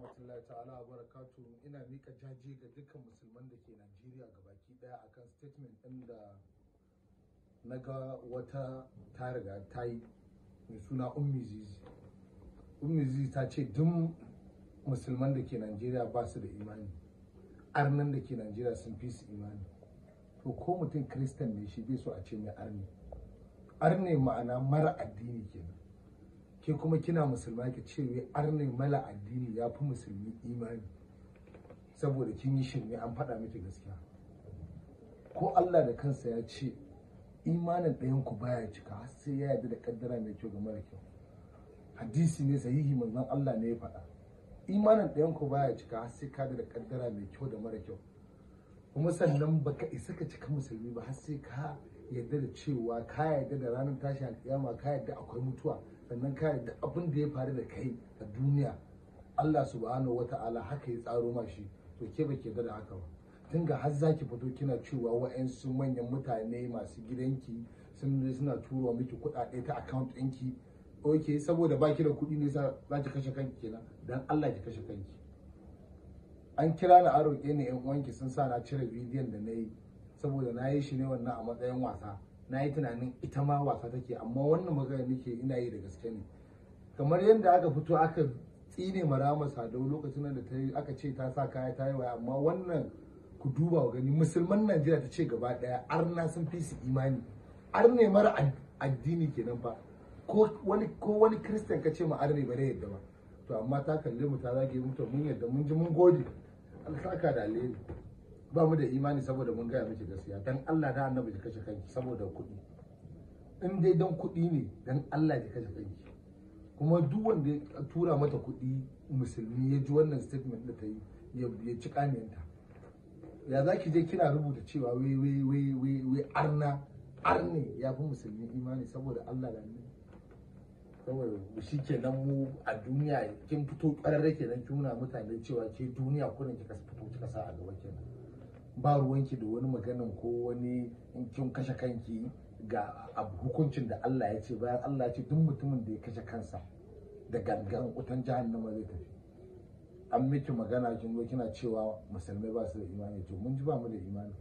rahmatullahi ta'ala wa barakatu ina mika jaje ga dukkan musulman da ke Najeriya baki daya akan statement din da na ga wata ta riga ta yi mai suna Ummi Zizi. Ummi Zizi ta ce duk musulman da ke Najeriya ba su da imani. Arnan da ke Najeriya sun fi su imani. To ko mutum Kristan ne shi bai so a ce mai arni. Arne ma'ana mara addini kenan. ke kuma kina musulma ki ce wai arne mala addini ya fi musulmi imani saboda kin yi shirme an faɗa miki gaskiya ko Allah da kansa ya ce imanin ɗayan ku baya cika har sai ya yarda da kaddara mai kyau ga mara kyau hadisi ne sahihi manzon Allah ne ya faɗa imanin ɗayan ku baya cika har sai ka da kaddara mai kyau da mara kyau kuma sannan baka isa ka cika musulmi ba har sai ka yarda da cewa ka yarda da ranar tashi alƙiyama ka yarda akwai mutuwa sannan ka yadda abin da ya faru da kai a duniya Allah subhanahu wata'ala haka ya tsaro ma shi to ke ba ke da haka ba tun ga har zaki fito kina cewa wa'ansu manyan mutane masu gidanki sun zo suna turo miki kuɗaɗe ta account ɗinki ok saboda baki da kuɗi ne za ki kashe kanki kenan dan Allah ki kashe kanki an kira ni an roƙe ni yan uwanki sun sa na cire bidiyon da na yi saboda na yi shi ne wannan a matsayin wasa na yi tunanin ita ma wasa take amma wannan magana nake ina yi da gaske ne kamar yadda aka fito aka tsine marama sadau lokacin da ta aka ce ta sa kaya ta yi waya amma wannan ku duba gani musulman najeriya ta ce gaba daya arna sun fi su imani arne mara addini kenan fa ko wani ko wani kristan ka ce ma arne bare yadda ba to amma ta kalle mu ta zage mu to mun yadda mun ji mun gode alsaka da alheri ba mu da imani saboda mun gaya miki gaskiya dan Allah da annabi kashe kanki saboda kuɗi in dai dan kuɗi ne dan Allah ki kashe kanki kuma duk wanda ya tura mata kuɗi musulmi ya ji wannan statement da ta yi ya ci kaniyanta ya zaki je kina rubuta cewa wai wai wai wai wai arna arne ya fi musulmi imani saboda Allah da annabi saboda shi kenan mu a duniya kin fito ke kenan ki nuna mutane cewa ke duniya kurin kika fito kika sa a gaba kenan ba ruwanki da wani maganin ko wani in kin kashe kanki ga abu hukuncin da Allah ya ce bayan Allah ya ce duk mutumin da ya kashe kansa da gangan kutan jahannama zai tafi an miki magana kin zo kina cewa musulmai ba su da imani to mun ji ba mu da imani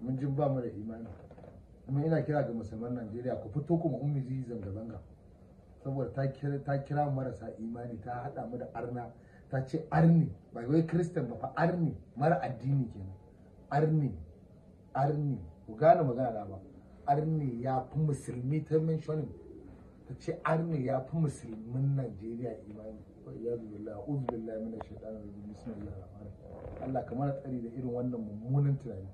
mun ji ba mu da imani kuma ina kira ga musulman Najeriya ku fito kuma ummi zai zanga zanga saboda ta kira ta kira marasa imani ta hada mu da arna ta ce arni ba wai kristan ba fa arni mara addini kenan arni arni ku gane magana ba arni ya fi musulmi ta mentioning ta ce arni ya fi musulmin najeriya imani Allah kamar tsari da irin wannan mummunan tunani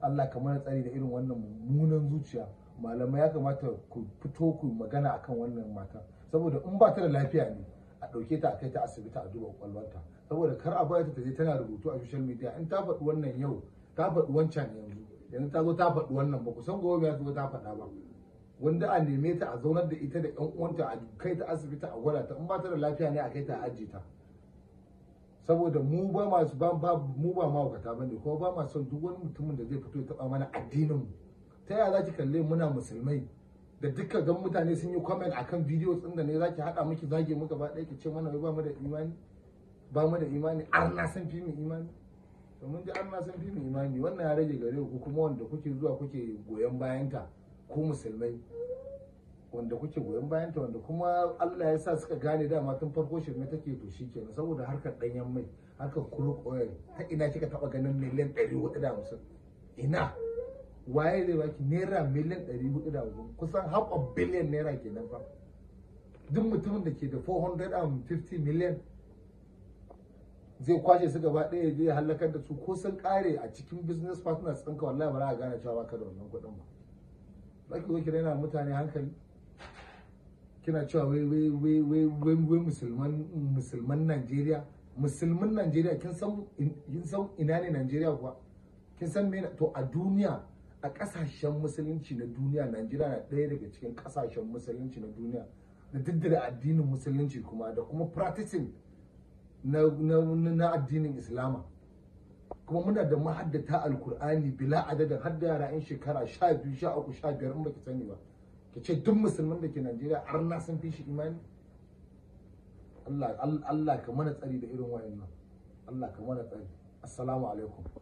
Allah kamar tsari da irin wannan mummunan zuciya malamai ya kamata ku fito ku magana akan wannan mata saboda in ba ta da lafiya ne a ɗauke ta a kai ta asibiti a duba kwakwalwarta saboda kar a bayar ta je tana rubutu a social media in ta faɗi wannan yau ta faɗi wancan yanzu yanzu ta zo ta faɗi wannan ba kusan gobe ya zo ta faɗa ba wanda a neme ta a zaunar da ita da ƴan uwanta a kai ta asibiti a gwada ta in ba ta da lafiya ne a kai ta a ajiye ta saboda mu ba masu ba mu ba mahaukata bane kuma ba ma son duk wani mutumin da zai fito ya taɓa mana addinin mu ta yaya za kalle muna musulmai da duka gan mutane sun yi comment akan bidiyo din da ne zaki hada miki zage mu gaba ɗaya ki ce mana ba mu da imani ba mu da imani an na san fi mu imani to mun ji an ma sun fi mu imani wannan ya rage gare ku kuma wanda kuke zuwa kuke goyon bayanta ko musulmai wanda kuke goyon bayanta wanda kuma Allah ya sa suka gane dama tun farko shirme take to shikenan saboda harkar danyen mai harkar kuruk oil ta ina kika taba ganin miliyan 450 ina waye zai baki naira miliyan 450 kusan a biliyan naira kenan fa duk mutumin da ke da 450 miliyan zai kwashe su gaba ɗaya zai halakar da su ko sun kare a cikin business partners ɗinka wallahi ba za a gane cewa baka da wannan kuɗin ba za ki zo ki raina mutane hankali kina cewa wai wai wai wai wai wai musulman musulman Najeriya musulman Najeriya kin san kin san ina ne Najeriya kuwa kin san me to a duniya a kasashen musulunci na duniya Najeriya na ɗaya daga cikin kasashen musulunci na duniya da diddira addinin musulunci kuma da kuma practicing na addinin islama kuma muna da mahaddata alkur'ani bila adadin har da yara in shekara sha biyu sha uku sha biyar in baki sani ba kace ce duk musulman da ke najeriya har na sun fi shi imani allah ka mana tsari da irin allah ka mana tsari assalamu alaikum